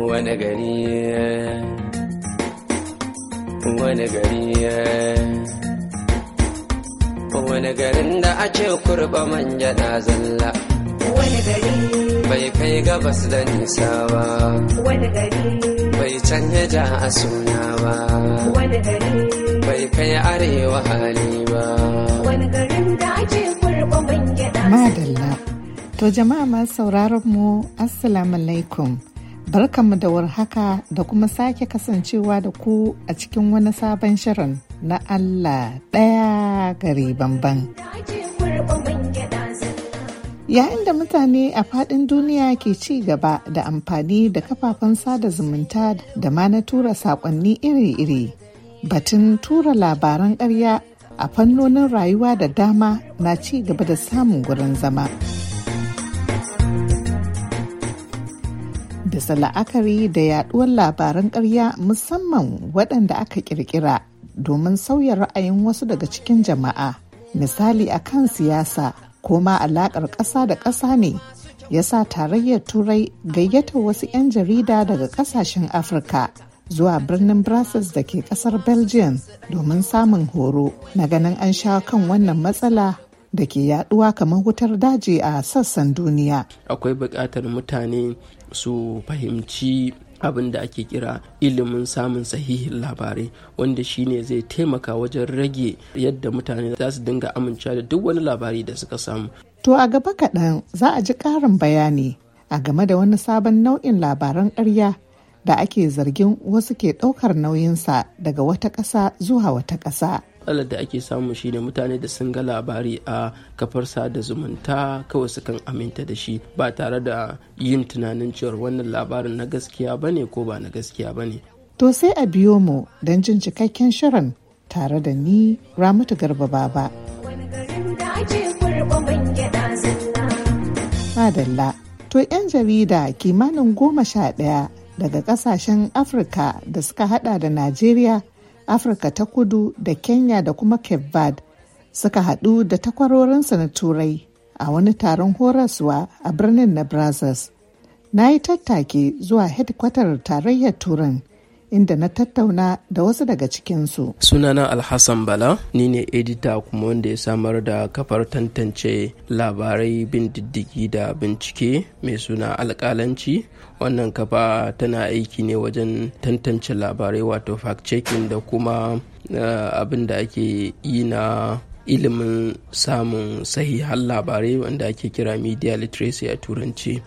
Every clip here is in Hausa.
wani gari wani gari wani garin da ake kurba manja na zalla wani gari bai kai gabas da nisa ba wani gari bai canja ja a suna ba wani gari bai kai arewa hali ba wani garin da ake kurba manja na zalla madalla to jama'a masu sauraron mu assalamu alaikum Barkanmu da warhaka da kuma sake kasancewa da ku a cikin wani sabon shirin na Allah ɗaya gari bamban. Yayin da mutane a faɗin duniya ke ci gaba da amfani da kafafen sada zumunta da ma na tura saƙonni iri-iri, batun tura labaran ƙarya a fannonin rayuwa da dama na ci gaba da samun gurin zama. bisa la'akari da yaduwar labaran ƙarya musamman waɗanda aka ƙirƙira domin sauya ra'ayin wasu daga cikin jama'a misali a kan siyasa ko ma alaƙar ƙasa da ƙasa ne ya sa tarayyar turai gayyata wasu 'yan jarida daga ƙasashen afirka zuwa birnin brussels da ke ƙasar belgium domin samun horo na ganin an sha kan wannan matsala da ke yaduwa kamar wutar daji a sassan duniya. Akwai buƙatar mutane su fahimci abin da ake kira ilimin samun sahihin labarai wanda shine zai taimaka wajen rage yadda mutane za su dinga amincewa da duk wani labari da suka samu. To a gaba kaɗan za a ji ƙarin bayani a game da wani sabon nau'in labaran ƙarya da ake zargin wasu ke ɗaukar nauyinsa daga wata ƙasa zuwa wata ƙasa. matsalar da ake samu shine mutane da sun ga labari a kafar sada zumunta kawai sukan aminta da shi ba tare da yin tunanin cewar wannan labarin na gaskiya ba ne ko ba na gaskiya ba ne. to sai a biyo mu don jin cikakken shirin tare da ni ramatu garba baba madalla to 'yan jarida kimanin goma sha ɗaya daga kasashen afirka da suka hada da najeriya afirka ta kudu da kenya da kuma cape verde suka haɗu da takwarorinsa na turai a wani taron horaswa a birnin na brazos na yi tattaki zuwa hedkwatar tarayyar turan inda na tattauna da wasu daga cikinsu. Sunana Alhassan Bala, ni ne edita kuma wanda ya samar da kafar tantance labarai bin diddigi da bincike mai suna alkalanci. Wannan kafa tana aiki ne wajen tantance labarai wato fact-checking da kuma uh, abin da ake yi na ilimin samun sahihan labarai wanda ake kira media literacy a turanci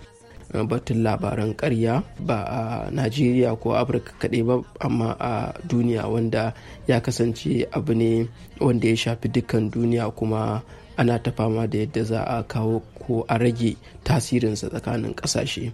Eh, batun labaran karya ba a najeriya ko afirka kaɗai ba amma a duniya wanda ya kasance abu ne wanda ya shafi dukkan duniya kuma ana ta fama da yadda za a kawo ko a rage tasirinsa tsakanin ƙasashe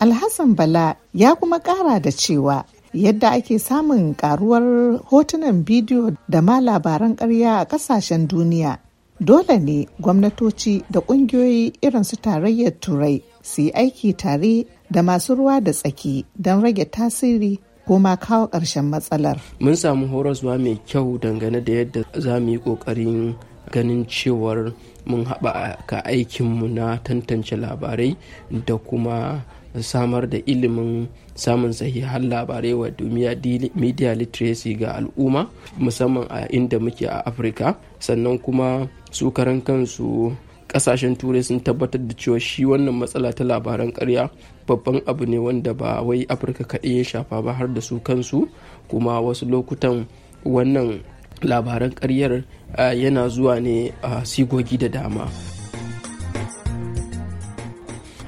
alhassan bala ya kuma ƙara da cewa yadda ake samun karuwar hotunan bidiyo da ma labaran karya a kasashen duniya dole ne gwamnatoci da kungiyoyi irin su tarayyar turai su yi aiki tare da masu ruwa da tsaki don rage tasiri ko ma kawo ƙarshen matsalar. Mun samu horaswa mai kyau dangane da yadda za mu yi ƙoƙarin ganin cewar mun haɓa haɓaka aikinmu na tantance labarai da kuma samar da ilimin samun sahihan labarai wa duniya media literacy ga al'umma musamman a inda muke a afirka sannan kuma su karan kansu kasashen turai sun tabbatar da cewa shi wannan matsala ta labaran karya babban abu ne wanda ba wai afirka kaɗai ya shafa ba har da su kansu kuma wasu lokutan wannan labaran karyar yana zuwa ne a sigogi da dama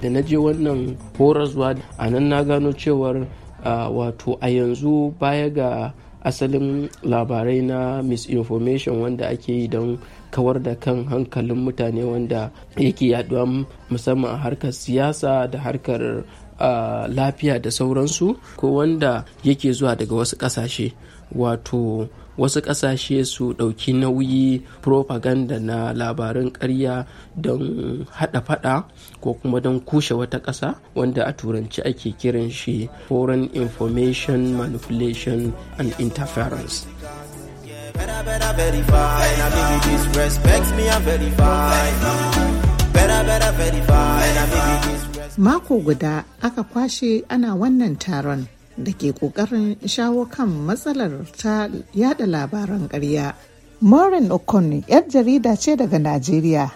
da na je wannan zuwa a nan na gano cewar wato a yanzu baya ga asalin labarai na misinformation wanda ake yi don kawar da kan hankalin mutane wanda yake yaduwa musamman a harkar siyasa da harkar lafiya da sauransu ko wanda yake zuwa daga wasu ƙasashe wato wasu ƙasashe su ɗauki nauyi propaganda na labarin ƙarya don haɗa faɗa ko kuma don kushe wata ƙasa wanda a turanci ake kiran shi foreign information manipulation and interference Mako guda aka kwashe ana wannan taron. da ke kokarin shawo kan matsalar ta yada labaran ƙarya. Maureen Okon 'yar jarida ce daga Najeriya.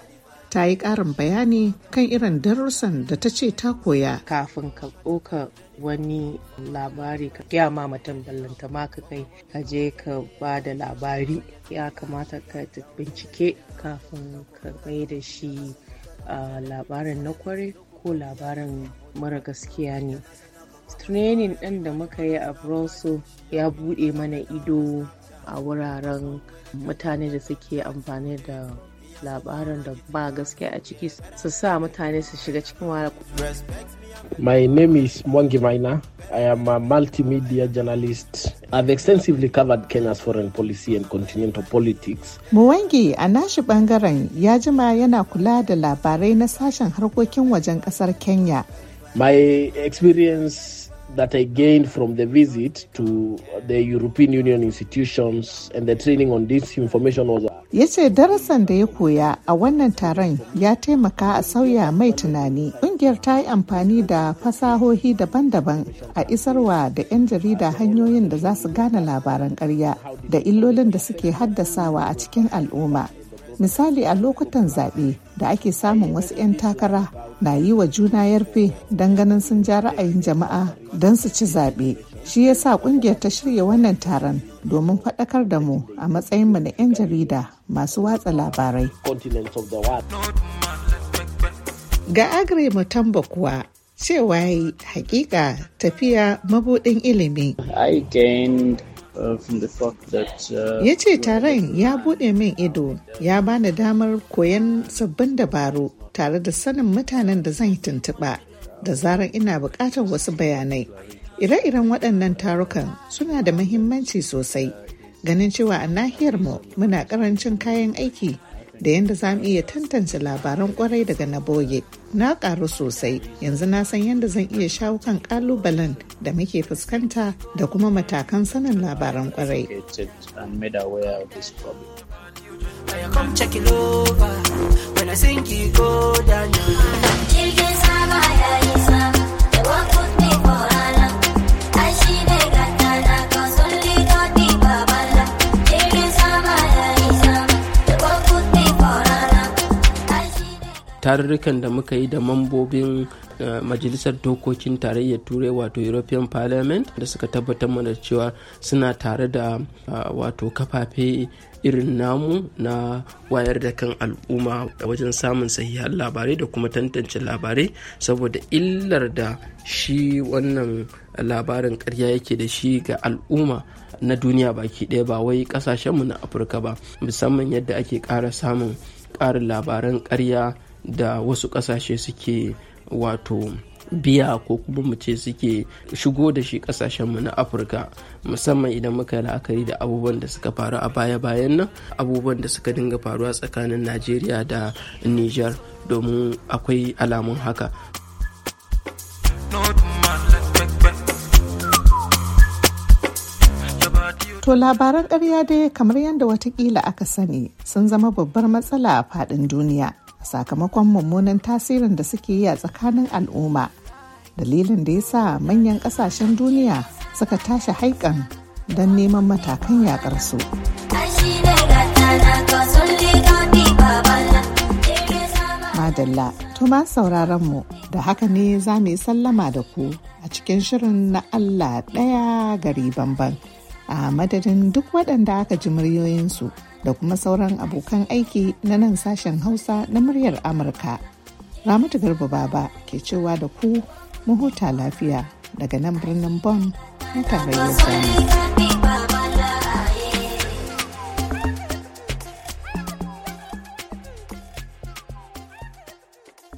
Ta yi ƙarin bayani kan irin darussan da ta ce ta koya. Kafin ka wani labari ka gaya ma mutum ballanta ma ka kai ka je ka ba da labari ya kamata ka bincike kafin ka kai da shi labarin na kware ko labarin mara gaskiya ne training ɗin da muka yi a broso ya buɗe mana ido a wuraren mutane da suke amfani da labaran da ba a ciki su sa mutane su shiga cikin wahala. My name is Mwangi Maina. I am a multimedia journalist. I've extensively covered Kenya's foreign policy and continental politics. Mwangi a nashi bangaren ya jima yana kula da labarai na sashen harkokin wajen kasar Kenya. My experience that I gained from the visit to the European Union institutions and the training on disinformation was ya ce darasan da ya koya a wannan taron ya taimaka a sauya mai tunani ƙungiyar ta yi amfani da fasahohi daban-daban a isarwa da 'yan jarida hanyoyin da za su gane labaran ƙarya da illolin da suke haddasawa a cikin al'umma misali a lokutan zaɓe da ake samun wasu 'yan takara na yi wa juna yarfe don ganin sun ja ra'ayin jama'a don su ci zaɓe shi yasa ƙungiyar ta shirya wannan taron domin faɗakar da mu a matsayinmu na 'yan jarida masu watsa labarai. Ga Agri Mutamba kuwa cewa yi hakika tafiya mabuɗin ilimi. Uh, uh, ya ce taron ya buɗe min ido ya bani damar koyon sabbin dabaru tare da sanin mutanen da zan yi tuntuɓa da zarar ina buƙatar wasu bayanai. Ire-iren waɗannan tarukan suna da mahimmanci sosai ganin cewa a nahiyar mu muna ƙarancin kayan aiki da yadda za mu iya tantance labaran kwarai daga na boge na ƙaru sosai yanzu na san yadda zan iya shawo kan kalubalen da muke fuskanta da kuma matakan sanin labaran kwarai I come check it over when I it go down. tarurrukan da muka yi da mambobin eh, majalisar dokokin tarayyar turai wato european parliament da suka tabbatar mana cewa suna tare da eh, wato kafafe irin namu na wayar da kan al'umma wajen samun sahihan labarai da kuma tantance labarai saboda illar da shi wannan labarin karya yake da shi ga al'umma na duniya baki ɗaya ba wai kasashenmu na afirka ba musamman yadda ake ƙara samun ƙarin labaran ƙarya da wasu ƙasashe suke wato biya ko kuma mu ce suke shigo da shi kasashenmu na afirka musamman idan muka yi la'akari da abubuwan da suka faru a baya-bayan nan abubuwan da suka dinga faruwa tsakanin najeriya da niger domin akwai alamun haka To labaran ƙarya dai kamar yadda watakila aka sani sun zama babbar matsala a faɗin duniya sakamakon mummunan tasirin da suke yi a tsakanin al'umma dalilin da ya sa manyan kasashen duniya suka tashi haikan don neman matakan yakar su. Madalla, tuma sauraron mu da haka ne za mu yi sallama da ku a cikin shirin na Allah ɗaya gari banban, a madadin duk waɗanda aka ji muryoyinsu. da kuma sauran abokan aiki na nan sashen Hausa na muryar Amurka. Ramatu Garba Baba ke cewa da ku mu huta lafiya daga nan birnin bom na tarayyar